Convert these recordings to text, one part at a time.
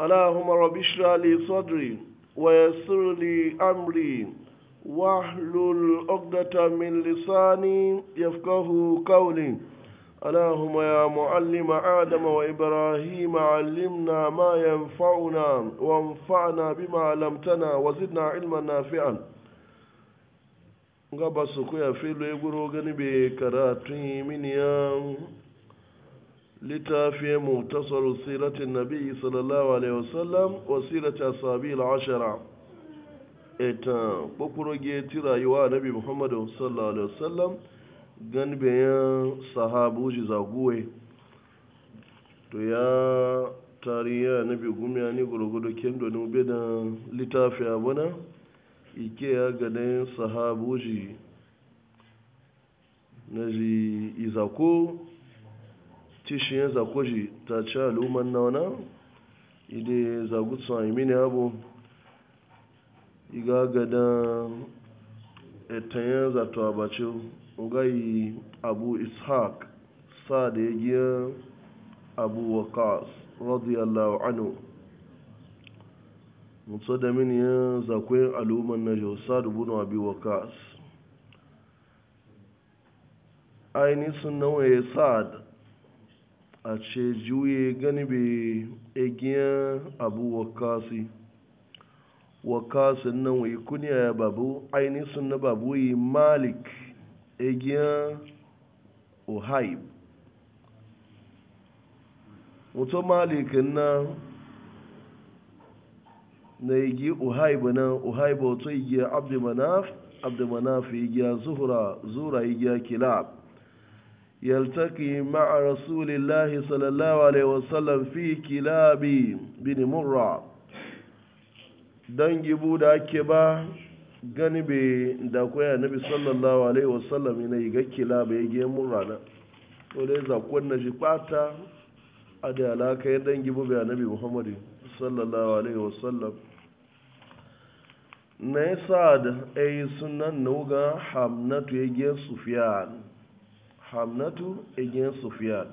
اللهم رب اشرح لي صدري ويسر لي امري واحلل عقدة من لساني يفقه قولي اللهم يا معلم آدم وإبراهيم علمنا ما ينفعنا وانفعنا بما علمتنا وزدنا علما نافعا ngaba su kuya filo ya guro gani bai karatu miniyan littafin muktasar siratin nabi sallallahu alaihi wasallam wa sirata sabi al'ashara ita kwakwuroge ti rayuwa nabi muhammadu sallallahu alaihi wasallam gan bayan sahabu ji zaguwe to ya tariya nabi gumiya ni gurgudu kendo ni ube da littafi abuna ike ya ganin sahabu na ji izako tishin ya zako shi ta ci al'umman na wana ide zagutsu a imini abu iga gada etan ya za ta bacin ugayi abu ishaq sa da ya giya abu waqas radiyallahu anhu mutu da mini ya yin al'umman na jausa dubu na abu waqas aini sun nawaye sa'ad a ce juye gani bai egiyan abu wakasi wakasin nan wai kuniya ya babu ainihin na babu yi malik egiyan ohaib wato malikin na na igi ohaib na ohaib wato igiya abdumanaf manaf igiya zuhura zura igiya kilab يلتقي مع رسول الله صلى الله عليه وسلم في كلاب بن مرة dangi bu da ke ba gani be da koya nabi sallallahu alaihi wasallam ina yi gakkila ba ya gaya murra na to na shi kwata a da dangi bu bai nabi muhammadu sallallahu alaihi wasallam na yi sa'ad a yi sunan nuga hamnatu ya gaya sufiyan hamnatu igin sufiyan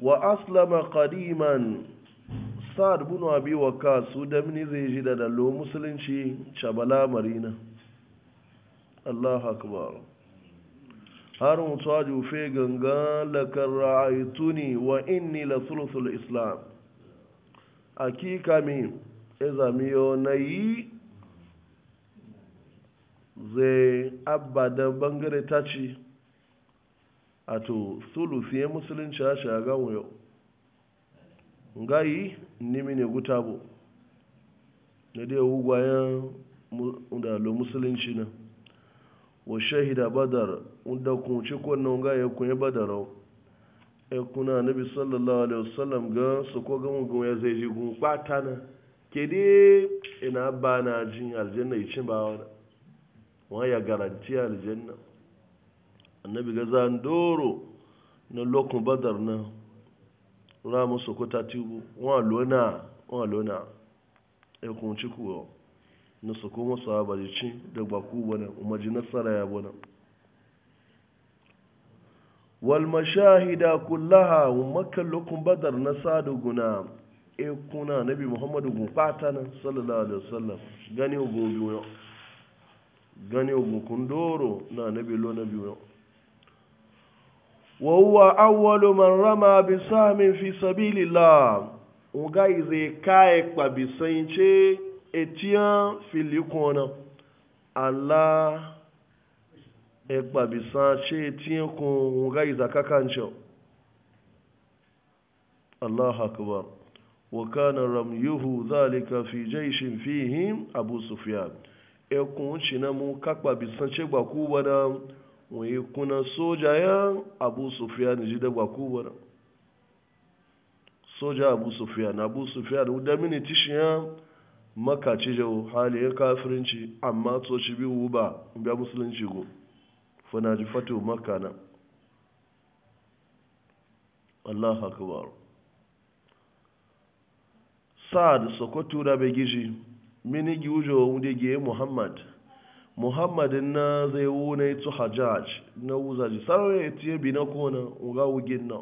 wa aslama qadiman sa'ad bin abi waqas su mini zai ji da dalo musulunci chabala marina Allahu akbar har mutuwa jufe ganga lakar ra'aituni wa inni la sulusul islam akika mi ezamiyo na yi zai abada bangare ta ci a to sulufiye musulunci ya shaga wuyo ngayi nimi ne guta bu na dai wugwayen da lo musulunci na wa shahida badar da kun ci kwanan ngayi kun yi badarau ya kuna nabi sallallahu alaihi wasallam ga su ko ga mun ya zai ji gun kwata na ke ina ba na jin aljanna yi cin ba wani wa ya garanti aljanna annabi ga zan doro na lokun badar na ramu sokota tubu wa lona wa lona e kun ci kuwa na soko masu abarici da baku bana umarji nasara ya bana wal mashahida kullaha makkan lokun badar na sadu guna e kuna nabi muhammadu gun fata nan sallallahu alaihi wasallam gani ogun biyu gani ogun kundoro na nabi lo na biyu وهو أول من رمى بسهم في سبيل الله وغاي زي كايك بسينشي اتيان في اليكونا الله ekpa bisa ce tiye kun ga iza kakan cewa Allah akbar wa kana ramyuhu zalika fi jaishin fihim abu na mu kakpa bisan ku wani kuna soja ya abu sufiyan ji da bakubar soja abu na abu sufiyan da mini tishiya makaci jau hali ya kafirinci amma tsoci biyu ba biya musulunci go fana ji fatu makana allah akbar sa'ad sokoto da bai gishi mini giwujo wunde giye muhammad muhammad na zai na ya hajjaj na wuzaji sarari ya tiye bi na kona uga wugin na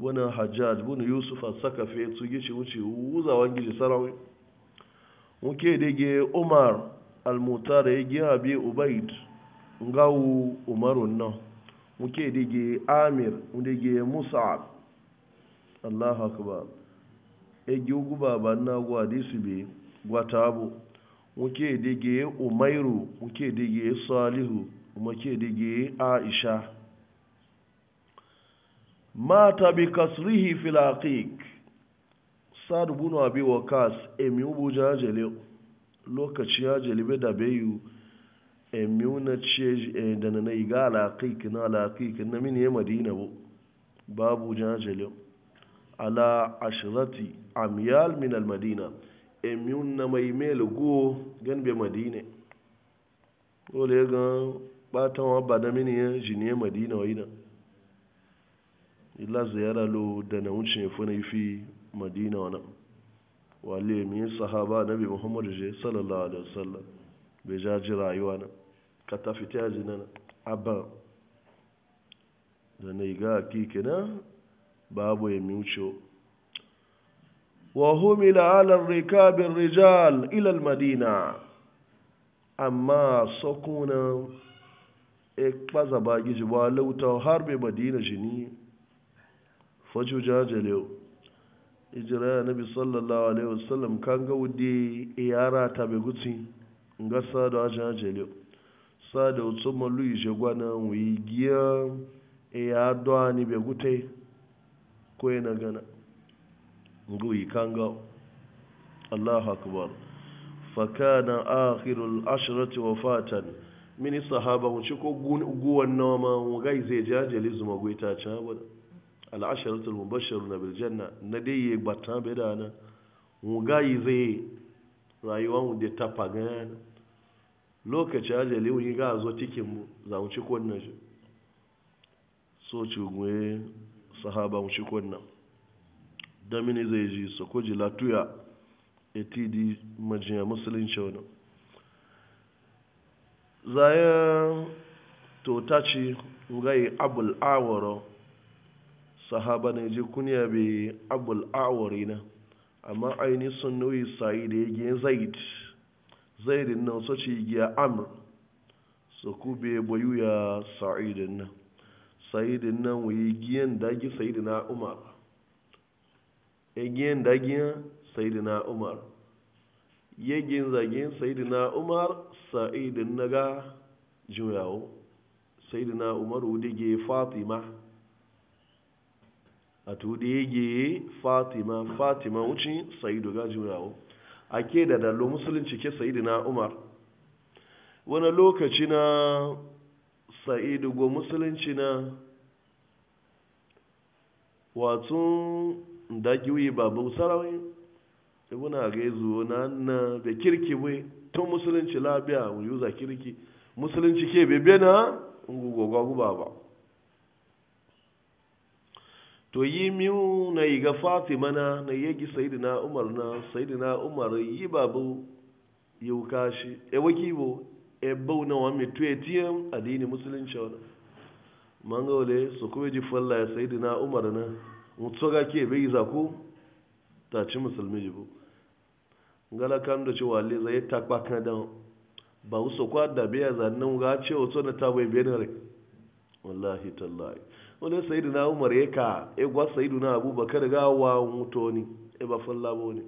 wani hajjaj wani yusuf a saka fe su gishi wuce wuzawan gishi sarari muke dege umar almutar ya gina bi ubaid ngawu umarun na Nwoke dege amir Musa musa'ab allahu akbar egi ugu baban na gwa disi bi gwata abu muke dige umairu muke dige salihu muke dige aisha mata bi kasrihi fil aqiq sadu bunu abi wakas emi ubuja jele lokaci ya be da beyu emi una che eh, da na iga aqiq na aqiq na min ya madina bu babu jajele ala ashrati amyal min al madina emiun na mai mele go gan be madina dole ga batan wa ba da mini ya jiniye madina wa ina illa ziyara lo da na wuce funa fi madina wa nan wale mi sahaba nabi muhammadu je sallallahu alaihi wasallam bai jaji rayuwa na ka ta fita ji na abba da na ga kike na babu ya mi وهمل على الركاب الرجال إلى المدينة أما سكونا إكبازا باقي جوالو توهار بمدينة جني فجو جاجلو إجراء النبي صلى الله عليه وسلم كان قودي إيارة تابقوتي ngasa da jajele sa da otu malu ije gwana wigiya بيقوتي كوينة adọ nguyi kanga Allahu akbar fakana akhirul ashrati wafatan mini sahaba mu ko guwan ma mu gai zai jaje lizu goyi ta ca bana al ashratu al mubashshiruna bil janna na dai ye batta be da na mu gai zai rayuwa mu da ta paga lokaci ajali mun ga zo tikin mu za mu ci wannan na so ci sahaba mu ci wannan damini zai ji sako ji latuya atd majiya musulunci wani zayen to ta ce ngai abul awaro sahaba ne ji kuniya bai abul na amma aini sun nuyi sayi da ya gina zaid zaidin nan so ci giya amr so ku be boyu ya sa'idin nan sa'idin nan wuyi giyan dagi na umar egiyan dagiyan sayidina umar yagin zagin sayidina umar sa'idin naga juyawo sayidina umar udige fatima a tudi yage fatima fatima wuce sayidu ga juyawo a ke da dallo musulunci ke sayidina umar wani lokaci na sa'idu go musulunci na watun da giwi ba bausarawai ibuna ga zuwa na na da kirki bai tun musulunci labiya mu yuza kirki musulunci ke bebe na ngugogwa guba ba to yi miyu na yi ga fatima na na yagi sayidina umar na sayidina umar yi babu yi kashi e waki bo e bau na wa mitu etiyan adini musulunci wani mangole su kuma ji falla sayidina umar na mutu ga ke bai za ku ta ci musulmi jibu ngala kan da cewa le zai ta kwakana da ba wuso kwa da biya ya zannan ga ce wato na ta bai bene re wallahi tallahi wala na umar yaka e gwa sayyidina abubakar ga wa mutoni e ba fallabo ne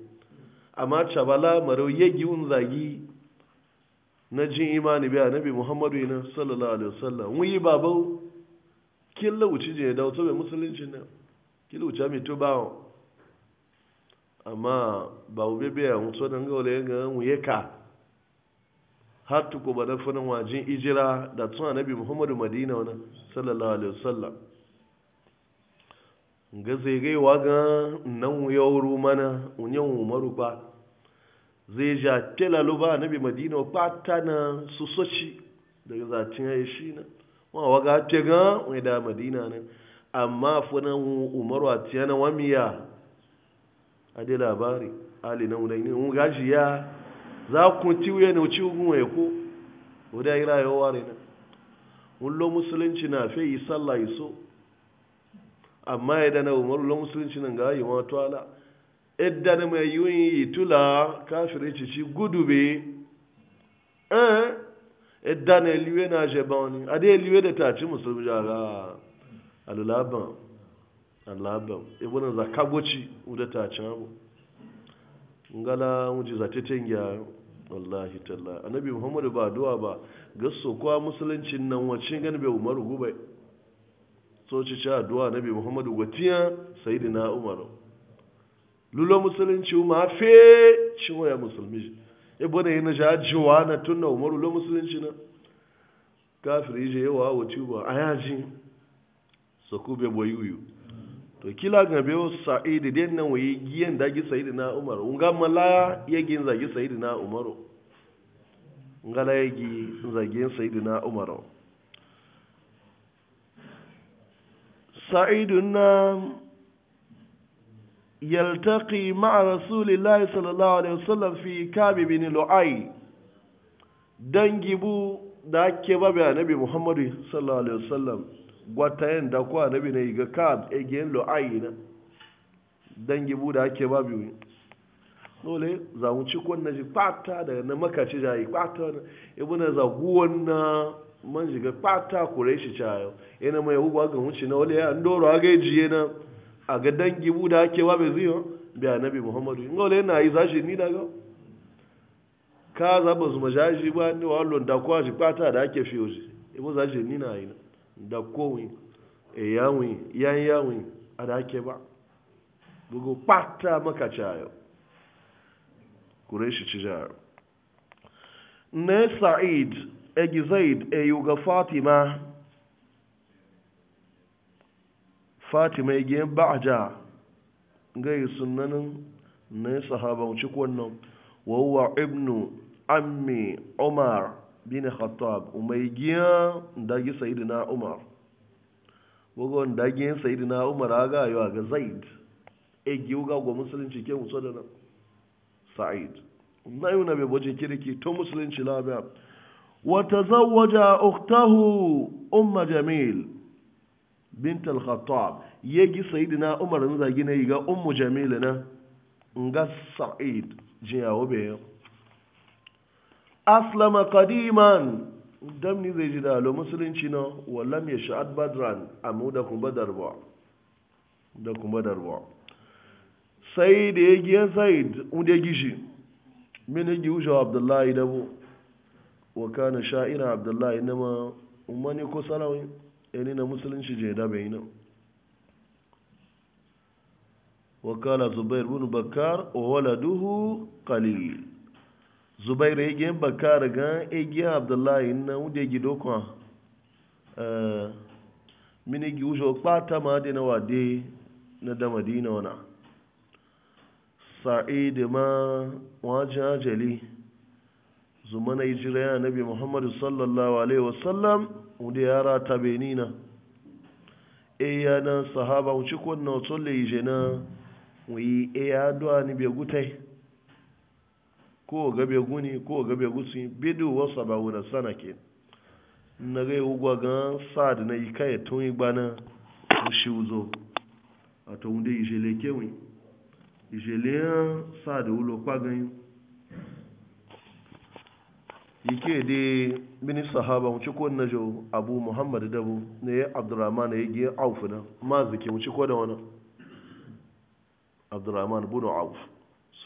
amma chabala maro gi un zagi na jin imani biya nabi muhammadu ina sallallahu alaihi wasallam wi babau kin lauci je da wato bai musulunci ne kila ucha mitu bao amma ba ubebe a mutu don gaule ga muyeka har tuku ba na funan wajen ijira da tun annabi muhammadu madina wani sallallahu alaihi wasallam ga zaigaiwa ga nan yawuru mana unyan umaru ba zai ja telalo ba annabi madina ba ta na susoci daga zatin ya yi shi na wa waga ta ga wani da madina nan amma funa umaru a tiyana wamiya a dai labari ali na wunai ne mun gashi ya za ku ci wuya ne ci gun waye ko wadda yi rayuwa ne na mun lo musulunci na fe yi salla yi so amma ya dana umaru lo musulunci nan ga yi ma tuwala idda na mai yi yi tula kafirin ci ci gudu be eh idda na liwe na jebani a dai liwe da ta ci musulunci jaga alulaban alaban ibn zakagoci uda ta can abu ngala wuji zateten ya wallahi talla annabi muhammad ba duwa ba gasso kwa musuluncin nan wacce gan bai umaru gubai so ci cha duwa annabi muhammad gwatiya sayyidina umaru lulo musulunci ma fe ci waya musulmi ibo da yana ja na tunna umaru lo musulunci na kafiri je yawa wuci ba ayaji so ku be boy uyu to kila ga be sa'idi den nan waye giyan da gi sa'idi na umar unga mala ya gi zagi sa'idi na umar unga la ya gi zagi sa'idi na umar Sa'idu na yaltaki مع رسول sallallahu alaihi wasallam fi kabi bin lu'ay dangibu da ake babu annabi Muhammadu sallallahu alaihi wasallam gwata da kuwa na bi na yi ga kab egiyen lo'ayi na dangi buda ake ba biyu dole za mu ci kwanna ji fata daga na makaci jayi fata na ibuna za guwan na man shiga fata kure shi cayo yana mai hukwa ga wuce na wale ya ndoro aga ejiye na a ga dangi buda ake ba bai ziyo biya bi muhammadu in wale na yi zashi ni daga ka za ba su majaji ba ni wa allon da kuwa shi fata da ake fiye ibu zashi ni na yi na da kowi e yawi yan yawi a da ake ba bugu pata maka cayo shi ci jaro ne sa'id e gizaid e yuga fatima fatima e gen ba'ja gai sunanin ne sahaba cikon nan wa huwa ibnu ammi umar bin khattab umai giya dagi sayyidina umar gogo dagi sayyidina umar aga yo ga zaid e giuga go musulunci ke muso da sa'id na yuna be boje kiriki to musulunci labiya wa tazawwaja ukhtahu umma jamil bint al-khattab yegi sayyidina umar zagi ne ga ummu jamil na nga sa'id jiyawo be aslama qadiman dam ni zai ji da alo musulunci na wallam ya sha'ad badran amma da kuma badar ba da kuma badar ba sai da ya giya sa'id inda ya gishi min yagi wuce wa abdullahi da bu wa kana sha'ira abdullahi na ma umarni ko salawin yani eh, na musulunci je da bai na wa kana zubair bin bakar wa waladuhu qalil zubairu ya gen baka daga egiya abdullahi na wude gido kwa eh, mini gi ujo kpata ma de na wade na da madina wana sa'id ma wajen ajali zuma na ijira ya nabi muhammadu sallallahu alaihi wasallam wude ya rata benina e eh, ya na sahaba wuce ko na otole ije na wuyi e eh, duwa ni bai gutai kowa gabe guni ko gabe gusi bidu wasa ba wuna sana ke na ga ugwa ga sad na ikai tun igbana ushi uzo ato unde ijele kewi ijele da ulo kwa ganyu yake de mini sahaba mu ciko na jo abu muhammad dabu ne ya abdurrahman ya ge auf na ma zike mu ciko da wani abdurrahman bunu auf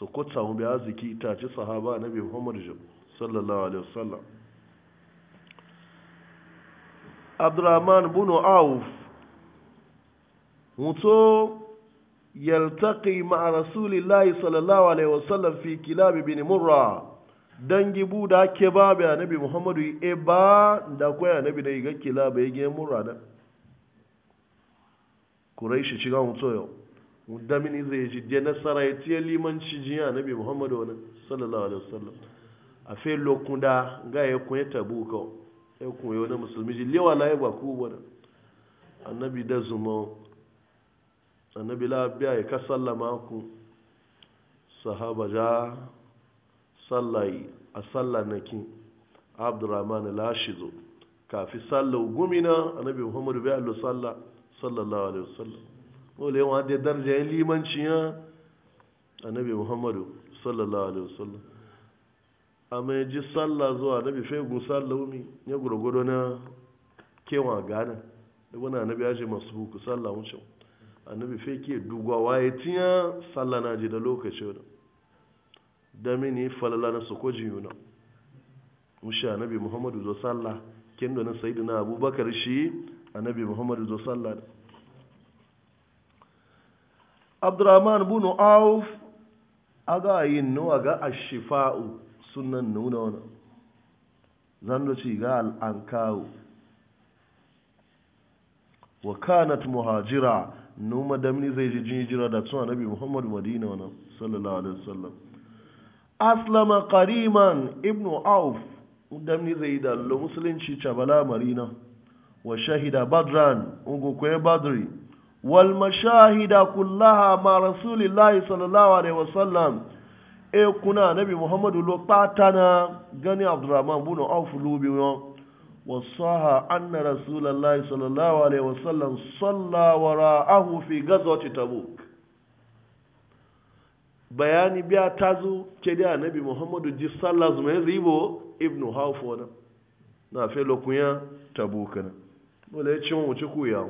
su kwata mu bi arziki itace sahaba na bi muhammadu jim sallallahu alaihi wasallam abdurrahman bunu auf mutu yaltaki ma'a rasulillahi sallallahu alaihi wasallam fi kilab bin murra dangi da ke ba bi annabi muhammadu e ba da koya bi da ga kilab ya ge murra da shi shiga mutu yau muddamin zai ji da nasara ya tiye limanci jiya nabi muhammadu wani sallallahu alaihi wasallam a fe lokun da ga ya kun ya tabu ka ya kun ya wani musulmi ji lewa na ya ba ku wani annabi da zuma annabi la biya ya ka sallama ku sahaba ja sallayi a sallanaki abdurrahman lashizo kafi sallau gumina annabi muhammadu bai allo sallah sallallahu alaihi wasallam dole da darja ya limanci ya annabi muhammadu sallallahu alaihi wasallam amma ya ji sallah zuwa annabi fai gusa laumi ya gurgudu na kewa gana da wani annabi ya ce masu buku sallah wucin annabi fai ke dugwawa waye tiya sallah na je da lokaci wadda damini falala na sokoji yuna mushi annabi muhammadu zo sallah kin na abubakar shi annabi muhammadu zo sallah abdurrahman bin auf aga yin no aga ashifa'u sunan nuna wana zando ci ga al'ankawo wa kanat muhajira numa damni zai ji jinjira da tun nabi muhammadu madina wana sallallahu alaihi wasallam aslama qariman ibnu auf damni zai da lo musulunci cabala marina wa shahida badran ungu kwe badri walmashahida kullaha ma rasulillahi sallallahu alaihi wasallam e kuna nabi muhammadu lo gani abdurrahman bunu auf lubi wọn wasaha anna rasulallahi sallallahu alaihi wasallam salla wara'ahu fi gazwati tabuk bayani biya tazo ke da nabi muhammadu ji salla zuma zibo ibnu hauf wana na fe lokunya tabukana dole ya ci mu ci kuyawo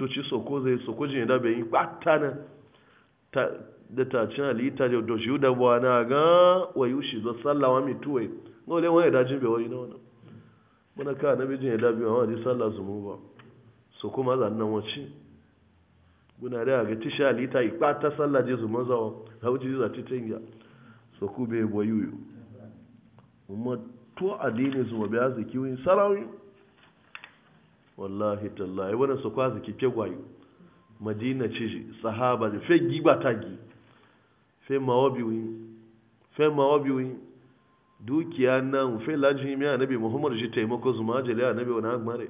tuci soko zai soko jini da bai yi ɓata na da ta cin halitta da da shi da buwa na ga wayu shi zo sallawa mi tuwai no le wani da jin bai wani na wani muna ka na bijin da bai wani sallah su mu ba so kuma zan nan wace muna da ga tishi halitta yi ɓata sallah je su mazawa hauji za ta tinga so ku bai wayu yi amma to addini su ma bai arziki wani sarawin wallahi tallahi wani su kwazi kike gwayo madina ci sahaba da fe giba gi fe mawabiwi fe mawabiwi dukiya nan fe lajin mi annabi muhammad shi taimako zuma jale annabi wani agmare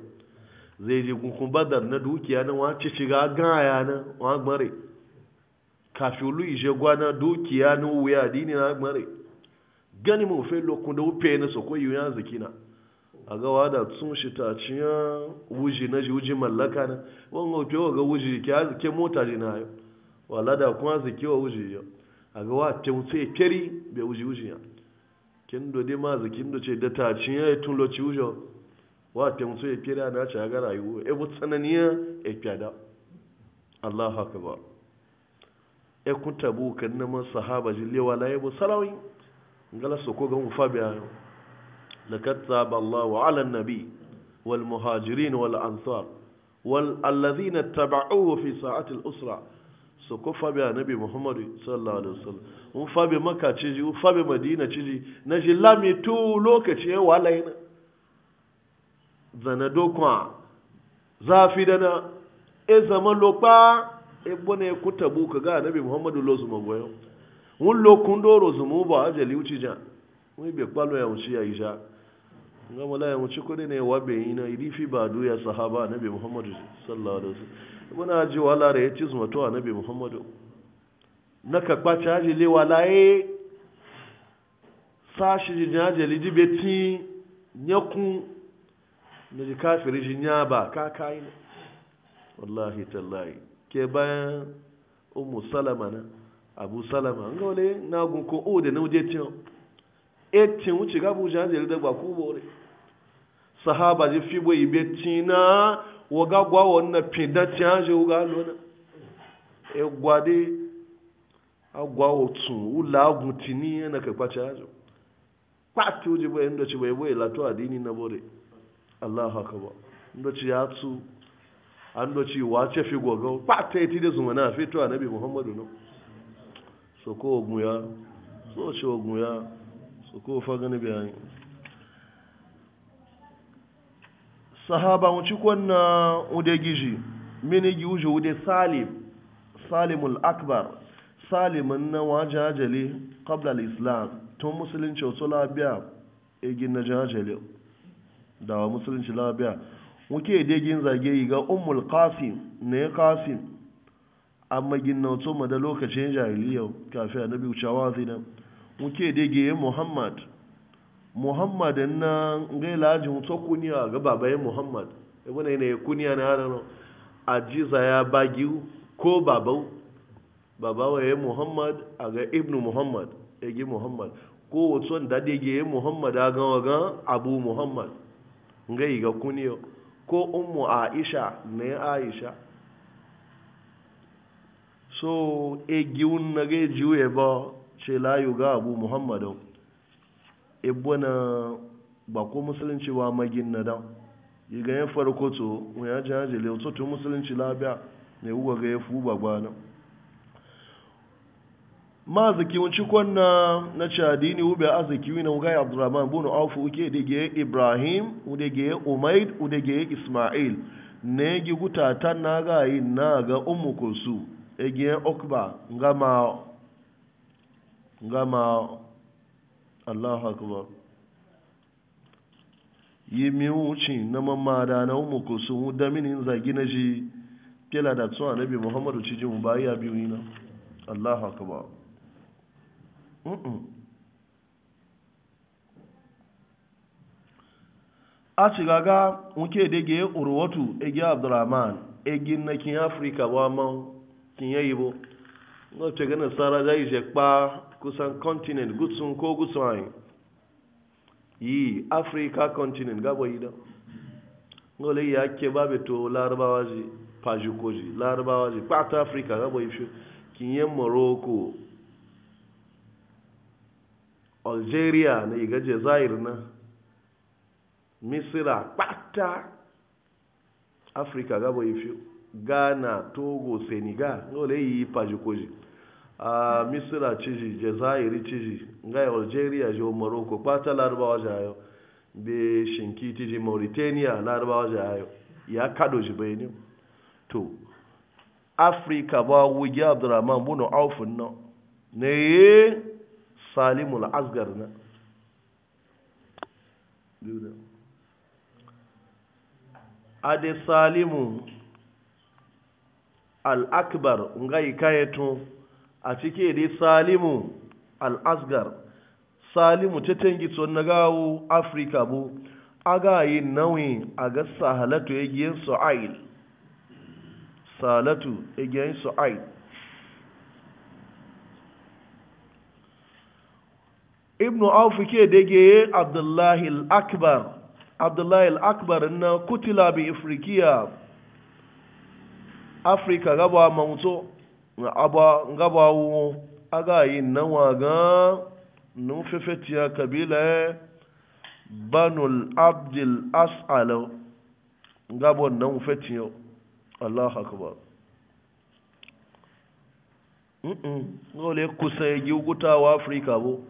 zai je kunkun badar na dukiya nan wace shiga gaya na wani agmare kafin olu ije gwana dukiya na wuya dini na agmare gani mu fe lokun da wufe na sokoi yuyan zikina a ga wada sun shi ta ciya wuji na shi wuji mallaka na wanga ke wa ga wuji ke mota ne na yo wala da kuma su kewa wa wuji yau, a ga wa te mutu ya keri be wuji wuji ya kin do de ma zikin do ce da ta ciya tun loci ci wujo wa te mutu ya keri na ci ga rayuwa e bu tsananiya e kyada Allahu akbar e kun tabu kan na sahaba ji lewa la e bu salawi ngala so ko ga mu biya لقد تاب الله على النبي والمهاجرين والأنصار والذين اتبعوه في ساعة الأسرة soko fabi annabi muhammad sallallahu alaihi wasallam un fabi maka ciji un fabi madina ciji na shi lami tu lokaci wala yana zana dokwa zafi dana e zaman lokpa e bona e kuta buka ga annabi wai bai kwalo ya wuce ya isha gama la ya wuce kudi ne wa bai yi na irifi ba ya sahaba nabi muhammadu sallallahu alaihi wasallam muna ji wala da ya ci zuma to nabi muhammadu na ka kwace haji le wala ye sashi ji haji li di beti nyakun na ji kafiri ji nya ba ka kai na wallahi tallahi ke bayan umu salama na abu salama an ga wale na gun ko o da na wuje tiyo etin wuce gabu jan zai da ba ku bore sahaba ji fi boyi betina wa ga gwa wonna pinda ti an je ga lona e gwade agwa otu ula agun tini na ka kwacha ajo pati uje boye ndo ci boye boye lato adini na bore allah akbar ndo ci yatsu ando ci wace fi gogo pati ti de zuma na fito anabi muhammadu no so ko ogun ya so ci ogun ya su kofa gani bayani sahaba wuce kwanna ude giji mini giji ude salim salimul akbar salimin na wajajale kabla islam tun musulunci wasu labiya egin na jajale da wa musulunci labiya wuke degin zage yi ga ummul na ya qasim amma gin na wasu ma da lokacin jahiliyar kafin annabi wucewa zinan nke dege muhammad muhammad na ngai lajin to kuniya ga babaye muhammad ibn ne ne kuniya na hada ajiza ya bagi ko babau babawa ya muhammad a ga ibn muhammad ege muhammad ko wato da dege muhammad a ga ga abu muhammad ngai ga kuniya ko ummu aisha ne aisha so egi un na e jiwe ba ce layu ga abu muhammadu ibwana e ba ko musulunci wa magin na dan yiga e ya farko to mu ya ji haji lewa to musulunci labiya ne wuwa ga ya fu ba gwanan ma zaki wuci kwanna na chadini ube a zaki wina wuga ya abdurrahman bunu aufu uke dege ibrahim udege umaid udege ismail ne gi guta tan na ga yi na ga umu kulsu ege okba ngama gama allahu akbar yi mi wuce na mamada na umu ko sun wuda mini zagi na ji kila da tsohon nabi muhammadu ci jin ba ya biyu na allahu akbar a ci gaga nke dege urwatu egi abdurrahman egi na kin afirka ba ma kin yayi bo ngo gana ga nasara zai je pa kusan continent gutsun ko gudsun ayin yi africa continent gaba yi don ngole yi ake babe to larabawa ji pajikoji larabawa ji pata africa gaba yi fi kinyen morocco algeria na iga jazair na misira pata africa gaba yi fi ghana togo senegal ngole yi pajikoji a misira ciji jazairi ciji ngai algeria jo morocco kpata larabawa jayo be shinki tiji mauritania larabawa jayo ya kado ji bai to afirka ba wuge abdurrahman bunu aufin na ne ye salimu al'azgar na ade salimu alakbar ngai kayeto a cike dai salimu al'asgar salimu ta tangi tson na gawo afirka bu aga yi nauyi a ga sahalatu egiyen su'ail sahalatu egiyen su'ail ibnu aufu ke dage abdullahi al'akbar abdullahi al'akbar na kutila bi afirkiya afirka gaba mawuto aba ngaba wo aga yi nawa ga nun fefetiya kabila banul abdul as'al ngabo nan fetiyo allah akbar mm ngole kusa yi wa africa bo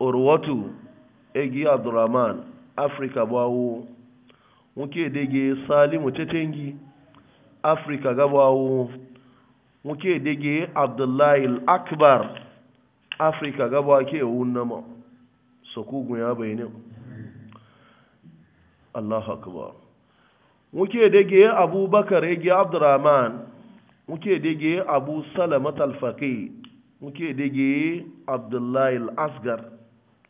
urwatu egi abdurrahman africa bawo muke dege salimu tetengi gaba gabawo muke dage abdullahi akbar afirka gaba ke wunama sakugun ya bayanin allah akbar muke dage abubakar ya abdurrahman muke dage abu salamat alfaqi muke dage abdullahi asgar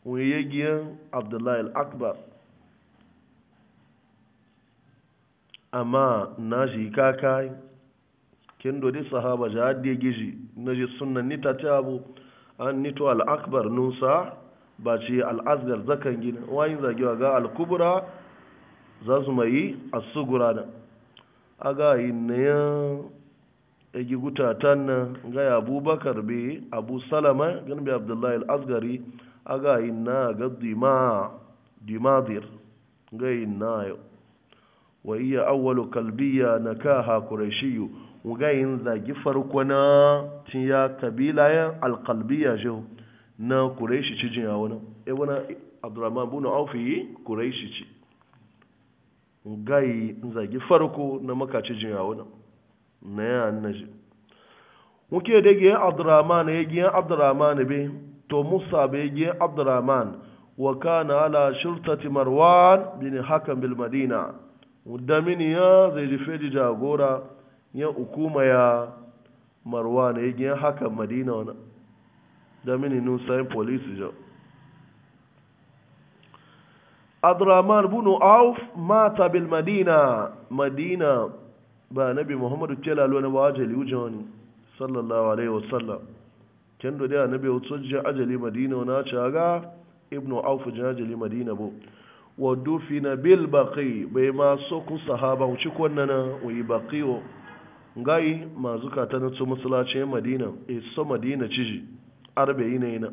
wani yagiyar abdullahi akbar amma na shi kakai kendo dodi sahaba ja hadde giji na ji sunan nita ta tabu an nito al'akbar nusa ba al azgar zakan gina wayin zagewa ga kubra za su mai asugura da aga yi na yan egi gutatan na ga abubakar be abu salama ganin bai al azgari aga yi na ga dimadir ga yi na wa iya awwalu kalbiya na kaha kurashiyu wugayin zagi farko na cinya kabila yan alkalbiya jiho na kureshi ci jiya wani ebuna abdurrahman bunu aufi kureshi ci wugayi zagi farko na makaci jiya wani na yan na ji wuke da giyan abdurrahman ya giyan abdurrahman be to musa be giyan abdurrahman wa kana ala shirtati marwan bin hakan bil madina mudamini ya zai ji feji jagora ya hukuma ya marwa na yi haka madina wani damini mini nusayin polisi jo adraman bunu auf mata bil madina madina ba nabi muhammadu kelalo na ba ajali wujen wani sallallahu alaihi wasallam kendo da nabi wato je ajali madina wani ce aga ibnu auf je ajali madina bo Wadufi na bil baki bai ma so ku sahaba wuci kwanana wuyi yi baqiyo gai mazuka ta nutsu musulacin madina e so madina ciji arba'in ne na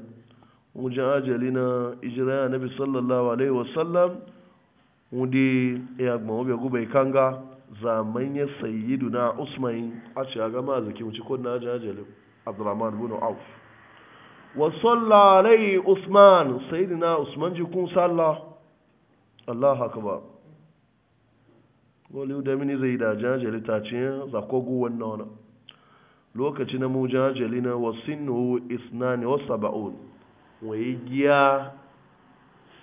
wajen ajali na ijiraya na bi sallallahu alaihi wasallam wudi ya gbama obe gubai kanga zaman ya sayyidu na usman a ce a gama zaki wuce kodin ko na ajali abdurrahman bin auf wa sallallahu alaihi usman sayyidina usman ji kun sallah allah akbar goli da mini zai da jajali ta ce za ko guwan na wani lokaci na mu jajali na wasin hu isnani wa saba'un wai giya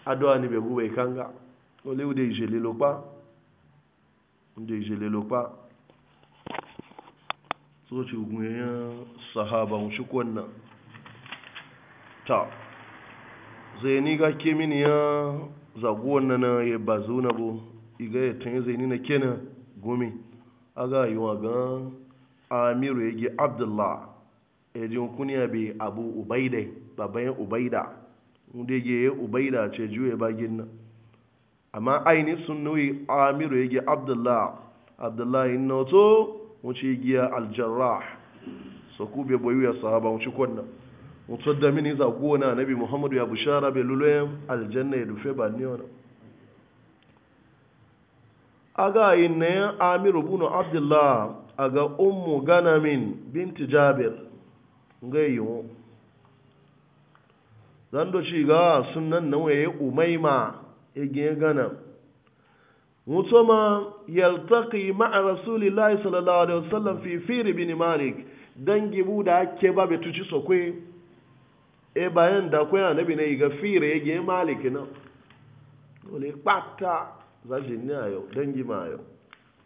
adwa ni be gube kanga goli u de jeli lopa de jeli lopa so ci gunyan sahaba mu shiku nan ta zai ni ga kemini ya zagu wannan ya na bu iga ya tun zai nina kenan gumi a ga yi wa gan amiru ya gi abdullah ya ji kuniya bai abu ubaidai babayin ubaida wanda ya yi ubaida ce juya ba gina amma aini sun nuyi amiru ya gi abdullah abdullah yin nauto wuce giya aljarrah so ku bai boyu ya sahaba wuce kwanan mutu da mini za zagona nabi muhammadu ya bushara bai lulayen aljanna ya dufe ba ne wani aga inne amiru bunu abdullah aga ummu ganamin binti jabir ngayo zan do ci ga sunan nan waye umaima ege gana mutuma yaltaki ma'a rasulillahi sallallahu alaihi wasallam fi fir bin malik dangi gibu da ake ba bai tuci sokwe e bayan da kwaya nabi ne ga fir ege malik na wale kpata zaji ne a yau dangi ma a yau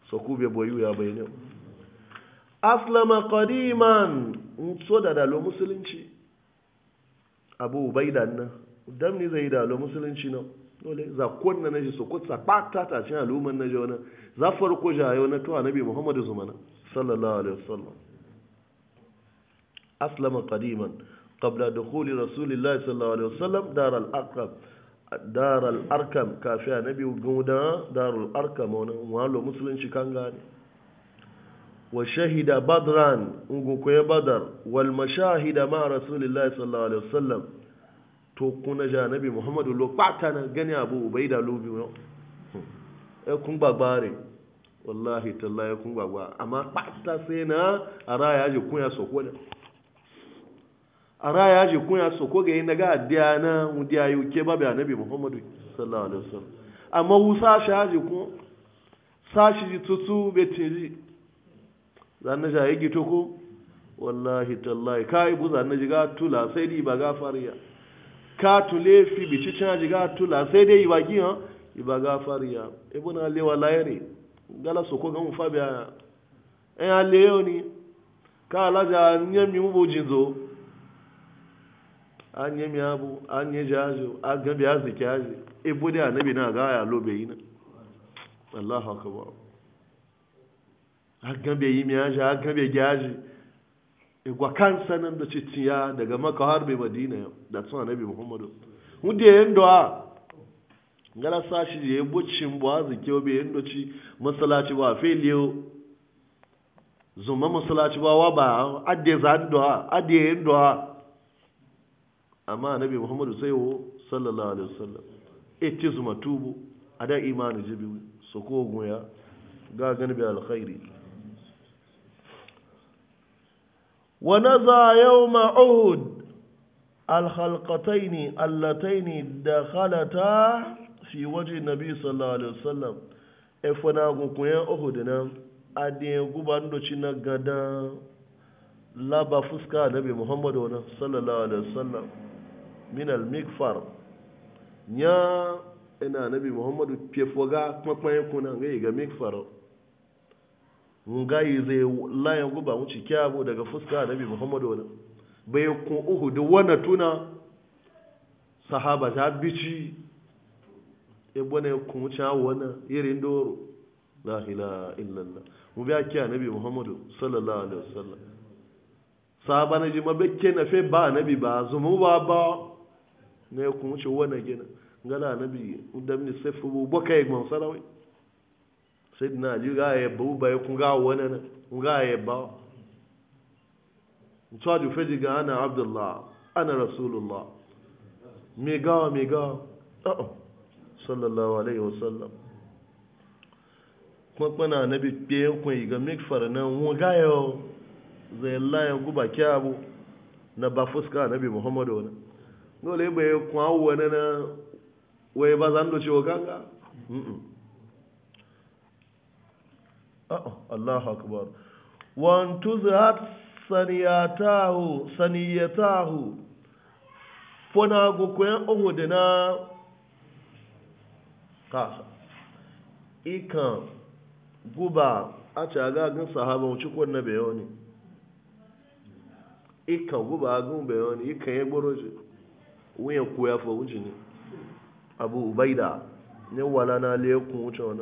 so ku bai boyu ya bai ne aslama qadiman so da dalo musulunci abu ubaida nan dam ne zai dalo musulunci nan dole za kunna na shi so ku tsakata ta cin aluman na jona za farko jayo na to annabi muhammadu zumana sallallahu alaihi wasallam aslama qadiman qabla dukhuli rasulillahi sallallahu alaihi wasallam dar al-aqab darul arkam kafi annabi guda darul arkam wani walo musulunci kan gane wa shahida badran ungu ko badar wal mashahida ma rasulillahi sallallahu alaihi wasallam to kuna ja nabi muhammadu lo pata na gani abu ubaida lo bi no e kun gbagbare wallahi tallahi kun gbagba amma pata sai na araya ji kun ya ne. a raya ji kunya so ko ga yi na ga adiya na mudiya yi ke babu nabi muhammadu sallallahu alaihi wasallam amma wusa shi ji kun sashi ji tutu bai ji zan na yi gito ko wallahi tallahi ka yi buza na ga tula sai dai ba gafariya ka tule fi bici ji ga tula sai dai ba giya ba gafariya ibn alewa layere gala so ko ga mu fabiya en aleyo ni ka alaja nyemi mu jinzo an yi miyabu an yi jajo an gabi ya zaki yaji ibu da anabi na ga ya lobe yi na haka ba an gabi yi miyaji an gabi gyaji igwa kan sanin da ciciya daga maka har bai madina da tun anabi muhammadu hudu ya yin doa ngala sashi da ya bucin ba zaki obi ya ndoci masalaci ba yau zuma masalaci ba wa ba adde zan doa adde yin doa amma nabi muhammadu sai wo sallallahu alaihi wasallam eti zuma tubu da imani jibi su ko goya ga gani bi alkhairi wa naza yau uhud alhalkataini allataini halata fi waje nabi sallallahu alaihi wasallam efona gunkunya uhud a adin guban doci na gada laba fuska nabi muhammadu sallallahu alaihi wasallam minal mikfar nya ina nabi muhammadu pefoga kwakwayen na ga ga mikfar yi zai layan guba mu ciki daga fuska nabi muhammadu wani bai kun uhudu wani tuna sahaba ta bici ya e ne kun wuce wani irin doro la ilaha illallah mu biya kiya nabi muhammadu sallallahu alaihi wasallam sahaba na ji mabekke na fe ba nabi ba zumu ba ba nga ya kuma ce na gina gana nabi dam ni sefu bu boka yi gwan sarawi sai na ji ga ya bu ba ya kun ga wani na kun ya ba mutaju fedi ga ana abdullah ana rasulullah mi gawa mi gawa a'a oh, sallallahu alaihi wasallam kuma kwana nabi biye kun yi ga mikfar na mu ga yau zai la guba kyabu na ba fuska nabi muhammadu wani dole bai kuma wani na wai ba zan doce wa ganga uh-uh, Allah akbar wan tuzhat saniyatahu saniyatahu fona go koyan ka i ikan guba a caga gan sahaba wuce kwanne bayani ikan guba gan bayani ikan ya gboro shi wuya koya fa wuce ne abu ubaida ne wala na lekun wuce wani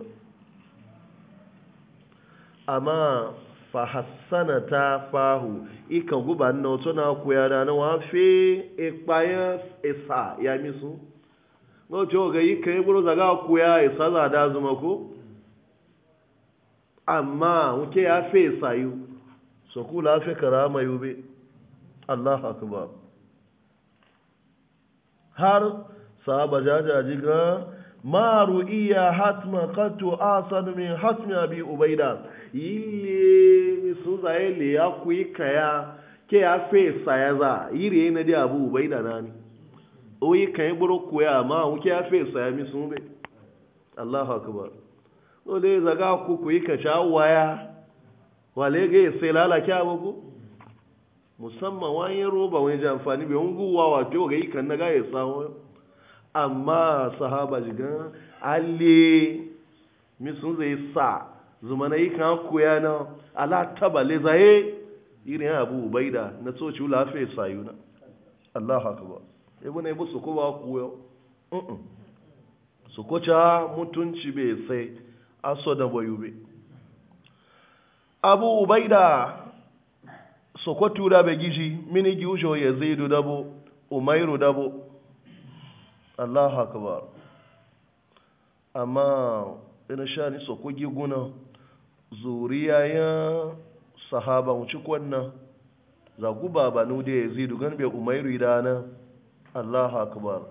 amma fa hassana ta fahu ika nnọọ na otu na koya da na wafe ikpaya isa ya misu na otu oga ika ya gburu zaga koya isa za da zuma ko amma wuke ya fe isa yi so kara fe karama yube Allah akbar har sahaba jaja ga ma ru'iya hatma qattu asan min hatmi abi ubaida yille su zaye le ya kuyi kaya ke ya fe saya za yire na da abu ubaida nani oyi kan ku ya ma ke ya fe saya mi sun be allahu akbar ole zaga ku kuyi ka waya wale ga sai lalake abugo musamman wayan roba wani ji amfani bai wani guwa wato ga ikan na gaya sawo amma sahaba jigan alle mi zai sa zuma na ikan koya na ala tabale zaye irin abu ubaida na soci lafiya sayu na allah haka ba ibu na ibu su ko ba koyo su koca mutunci bai sai aso da bayube abu ubaida sokotu da bai gishi mini giusho ya zaidu dabo umairu dabo allah akbar amma ina sha ni soko giguna zuriya ya sahaba wuce kwanna za ku babanu da ya do gan bai umairu idana allah akbar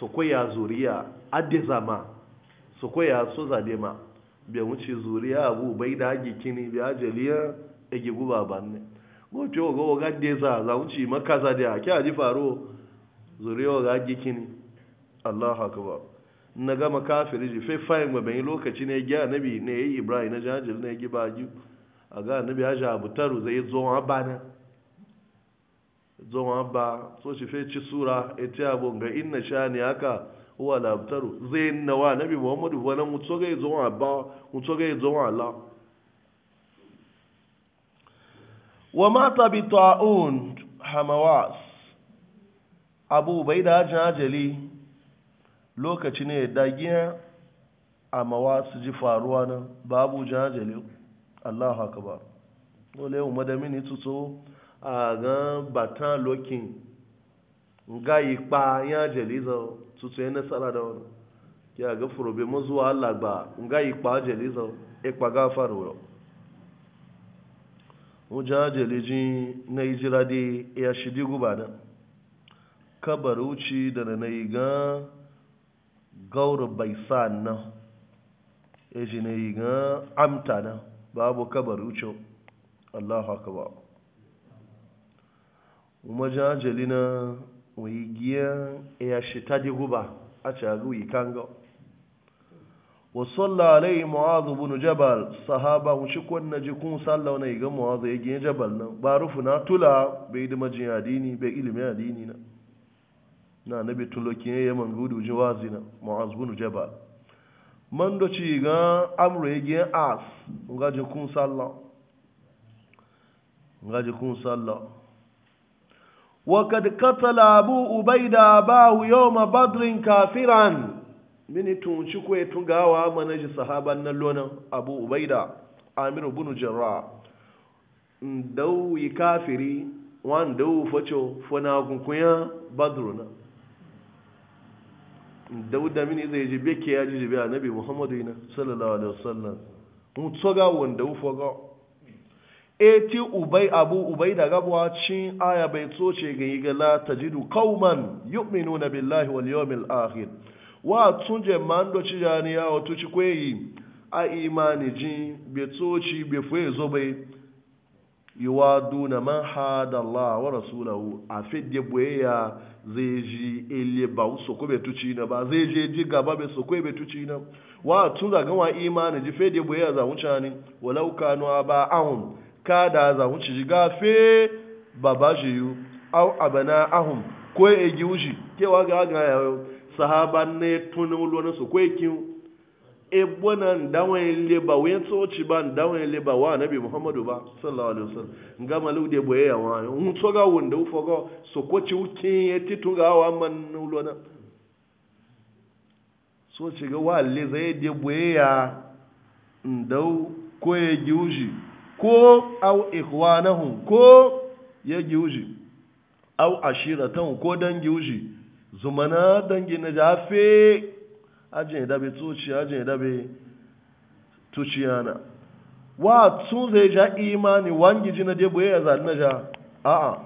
soko ya zuriya adi zama soko ya so zabe ma bai wuce zuriya abu bai da agikini bai ajaliya egi gubaban ne gote oga oga deza za wuce makaza da ki aji faro zuriya oga gikini Allahu ba na gama kafiri ji fai fayin ba bayan lokaci ne gya nabi ne yayi Ibrahim na jajil ne giba gi a ga nabi ya abutaru zai zo wa bana zo wa ba so shi fai ci e ga inna shani haka huwa labtaru zai wa mata bi ta'un hamawas abu bai da hajjin ajali lokaci ne dagiya a mawasu ji faruwa nan babu jin ajali allahu akbar dole yau madamini tuto a ga batan lokin ga ipa yan ajali zau tuto ya nasara da wani ya ga furobe mazuwa allah gbaa ga ipa ajali zau ipa e gafaru yau mujajalijin na hijira dai ya shidi guba nan kabar wuce da na yi ga gauru baisa na ya ji na yi ga amta nan babu kabar wuce allahu akbar mujajali na wai giya ya shita di guba a cagu yi kango wa salla alaihi mu'adhu ibn jabal sahaba mu shi kon naji kun salla wani ga mu'adhu ya gine jabal nan ba rufu na tula bai da majin adini bai ilimi adini na na nabi tulokin ya man gudu ji wazina mu'adh ibn jabal man do ci ga amru ya gine as ga ji kun salla ga ji kun salla wa kad qatala abu ubaida abahu yawma badrin kafiran mini tunci ko tun gawa mana ji sahaban nan lona abu ubaida amir bin jarra yi kafiri wan faco fana gunkunya badru na. Ndau da mini zai ji beke ya ji biya nabi muhammadu ina sallallahu alaihi wasallam mun tsoga wanda ufoga eti ubai abu ubai da gabuwa cin aya bai tsoce ga yi gala ta tajidu kauman yu'minuna billahi wal yawmil akhir wa tunje mando ci jani ya wato ci kweyi a imani jin be tsoci be fwe zo bai yuwaduna man hada Allah wa rasulahu a fidye boyayya zai ji ele ba so ko be tuci na ba zai je ji gaba be so ko be tuci na wa tun ga wa imani ji fe de boyayya za wuce ni walau kanu ba ahum da za wuce ji gafe baba ji yu au abana ahum ko e gi wuji wa ga ga yawo sahaba ne tun ulo na su kwe kin e bona ndawen le ba wen so ci ba ndawen le ba wa nabi muhammadu ba sallallahu alaihi wasallam ngama lu de boye wa un so ga wonde u fogo so ko ci uki e titun ga wa man ulo na so ci ga wa le zai de boye ya ndau ko ya giuji ko au ikhwanahum ko ya giuji au ashiratahum ko dan giuji zumana dangi na jafe ajin dabe tuci ajin dabe tuciya na. wa tun zai ja imani wangi jina je boye ya na ja a'a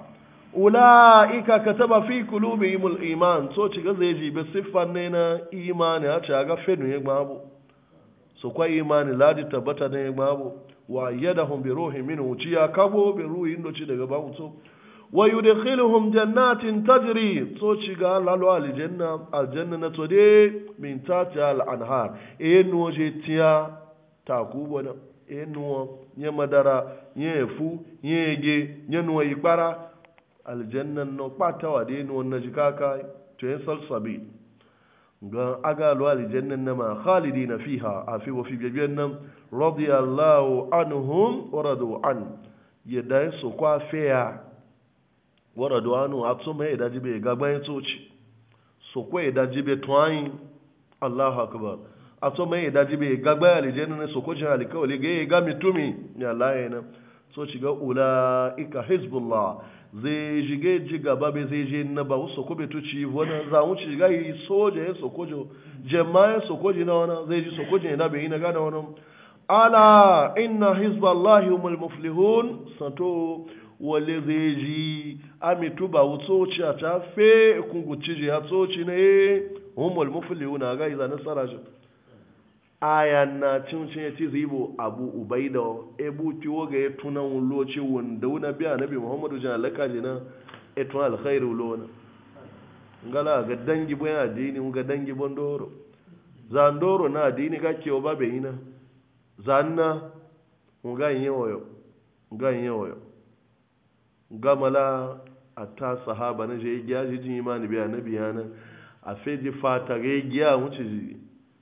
ula'ika taba fi qulubihimul iman so ci ga zai ji be ne na imani a ci ga fenu ya gbabo so kwa imani ladi tabbata ne ya gbabo wa yadahum bi ruhi minhu ci ya kabo bi ruhi ci daga babu so wa yudkhiluhum jannatin tajiri. so shiga lalu aljanna aljanna na to de min tati al anhar enu je tia takubo na enu nye madara nye efu nye ege nye nuwa ikpara aljanna no pata wa de enu na jikaka to en sal sabi ga aga lu aljanna na ma khalidina fiha afi wa fi biyanna an fiya wọ́n anu atuma ya daji bai gagba ya tsoci so kwa ya daji bai tuwayi allahu akbar atuma ya daji bai gagba ya alijanu ne so kwa jin mi ga ya ga mitumi ya ga hezbollah gaba na ba so ko bai tuci wani zamu ci ga yi soja ya sokojo jemma ya sokoji na da yi inna muflihun santo wale zai ji amitu ba wutsoci a ta fe kunguci ji hatsoci na ne humul mufuli wuna ga iza nasara ji aya na cin cin yace zibo abu ubaida ebu tiwo ga tuna wuloci wanda wuna bi annabi muhammadu jan alaka ji na etun alkhairu lona ngala ga dangi bo yana dini ga dangi za ndoro na dini ga kewa babe ina zanna ngayin yoyo ngayin yoyo gamala a ta sahaba na je gya ji jin imani biya na biya na. a fe ji fata ga gya wuce ji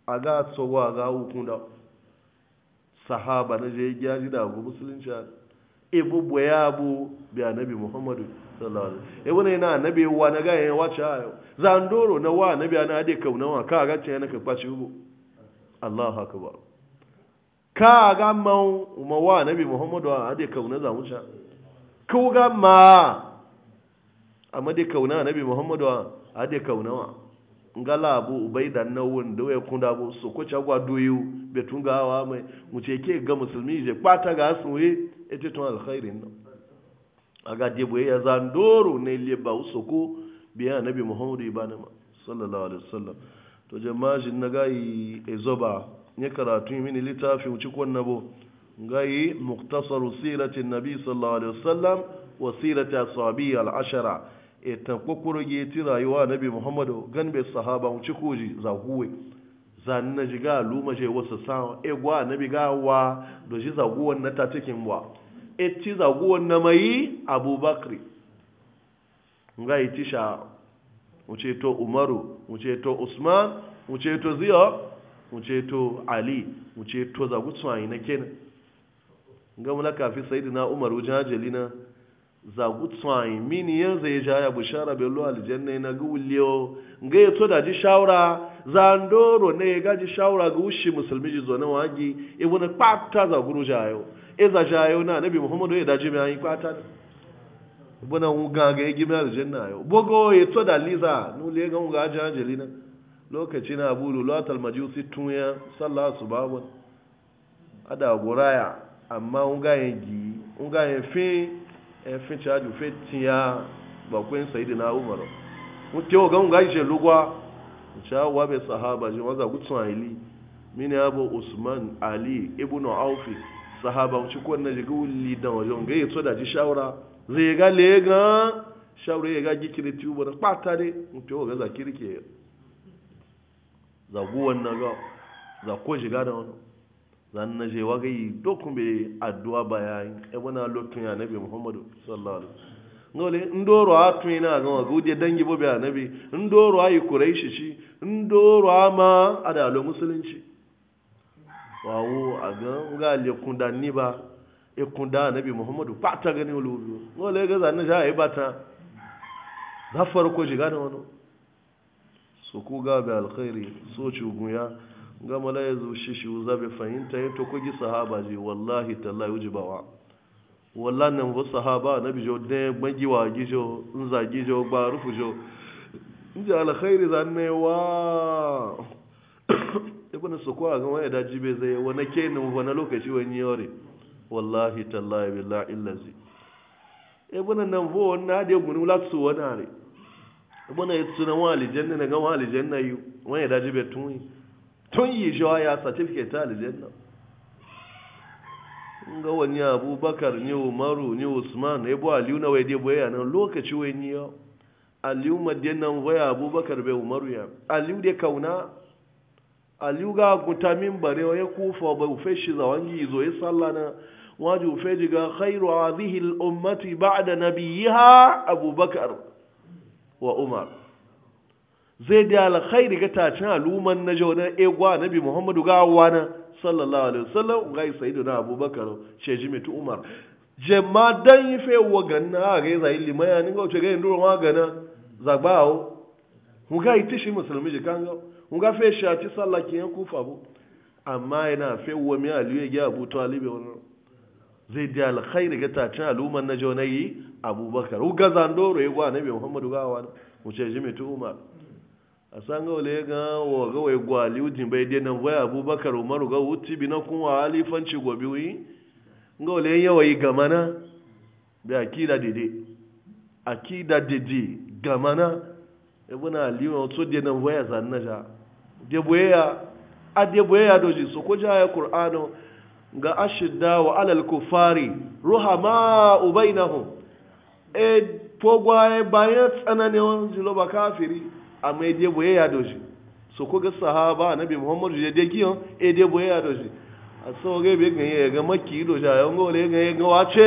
a ga tsowa ga hukun da sahaba na je gya ji da abu musulunci ibu e boya abu biya bi muhammadu sallallahu alaihi wasallam e wani na nabi wa na ga yin wace ayo zandoro na wa nabi na na wa ka ga ce na ka kwaci ubu allahu akbar ka ga mau mawa nabi muhammadu a de kauna za mu sha kuga ma a madi kauna nabi muhammadu a dai kauna wa ngala abu ubaida da wun da waya kunda abu su ko gwa doyu betun ga mai mu ke ga musulmi je kwata ga sunwe ita tun alkhairin no a ga boye ya zandoro ne ile ba ko biya nabi muhammadu ibana sallallahu alaihi wasallam to jama'a jin nagai ezoba ne karatu mini littafi wuce kwan kon nabo gai muktasaru siratin nabi sallallahu alaihi wasallam wa ashara e tan kokoro ge ti rayuwa nabi muhammadu gan be sahaba mu ci koji za huwe wasu sa e gwa nabi ga shi za na ta cikin e ti za guwan na mai abubakri ngai tisha mu ce to umaru mu ce to usman mu ce to ziya mu ce to ali mu ce to za gutsuwa ina kenan ga mula kafi na umar wujajali na zagu tsayi mini yanzu ya jaya bushara bello aljanna na ga wuliyo ga yato da ji shawara zandoro ne ga ji shawara ga wushi musulmi ji zo na wagi e wani kwata za guru jayo e za jayo na nabi muhammadu ya daji mai kwata bana wuga ga ya gimi aljanna yo bogo yato da liza nule ga wuga jajali na lokaci na abu lulatul majusi tunya sallah subabun ada goraya amma nga yin gi nga yin fi en fi aju, fi ya ba kwen sayidi na umaru mutu yau gan nga ishe lugwa cha bai sahaba ji waza gutsun ali mini abu usman ali ibn aufi sahaba wuce kwan na jigu lidan wajen yi yato da ji shawara zai ga lega shawara ya ga gikiri tubu da kpata dai mutu yau ga za kirke za guwan na ga za ko shiga da wani zan na je wagayi dokun be addu'a bayan ebona lotun ya nabi muhammadu sallallahu alaihi wasallam ngole ndoro atwi na ga gudye dangi bobe nabi ndoro ayi quraishi ci ndoro ama ada lo musulunci wawo aga nga le kunda niba ba e kunda annabi muhammadu pata gani ulubu ngole ga zanna ja e bata da farko shiga da wani su ku ga bi alkhairi so ci guya gama la ya zushi shi bai fahimta yin to kogi sahaba ji wallahi ya uji bawa wallahi nan bu sahaba na bijo ne magiwa gijo in za gijo ba rufu jo in ji alkhairi ne wa ibn sukwa ga wani da jibe zai wani kenan wani lokaci wani yore wallahi tallahi billahi illazi ibn nan bo na de gunu latsu wani are ibn ya tsuna wali janna ga wali janna yi wani da jibe tun tun yi shawa ya certificate ta aljanna ga wani abubakar ne umaru ne usman ya bu aliyu na wai dai boye nan lokaci wai ni yau aliyu madiyan nan waya abubakar bai umaru ya aliyu dai kauna aliyu ga guta min bare ya kufa bai ufe shi zawangi zo ya salla na waje ufe diga khairu azihi al ummati ba'da nabiyiha abubakar wa umar zai da alkhairi ga tacin aluman na jawar egwa bi muhammadu ga wana sallallahu alaihi wasallam ga sayyidu na abubakar she jimi tu umar jemma dan yi fe wa ganna ga zai limaya ni? ga ce ga nduro ma gana zagbawo mu ga itishi musulmi ji kan ga mu ga fe sha ci sallaki ya kufa bu amma yana fe wa mi aliyu ga abu talibi wannan zai da alkhairi ga tacin aluman na jawar yi abubakar ga zandoro egwa bi muhammadu ga wana mu ce jimi tu umar a sanga wale ga wa ga wai gwali ujin bai dai nan waya abubakar umaru ga wuti bi na kun alifanci gobe wi ga wale yawa yi gamana da akida dede akida dede gamana ibuna aliyu to dai nan waya zanna ja ya a de doji so ko ja ya qur'ano ga ashidda wa alal kufari ruhama ubainahum e pogwa e bayan tsananin jiloba kafiri amma ya debo ya ya doji so ko ga sahaba annabi muhammadu ya dai kiyo e debo ya ya doji a so ga be ya ga makki doji a yango le ga ga wace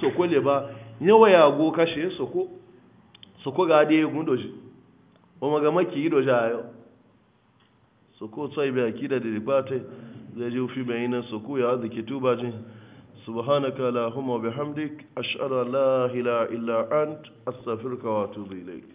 so ko le ba nyawa ya go kashe so ko so ko ga dai gun doji o ga makki doji sha yo so ko sai be akida da dibate zai ji bai yi so ko ya ke tuba jin سبحانك اللهم وبحمدك Hamdik. أن لا إله إلا أنت أستغفرك وأتوب إليك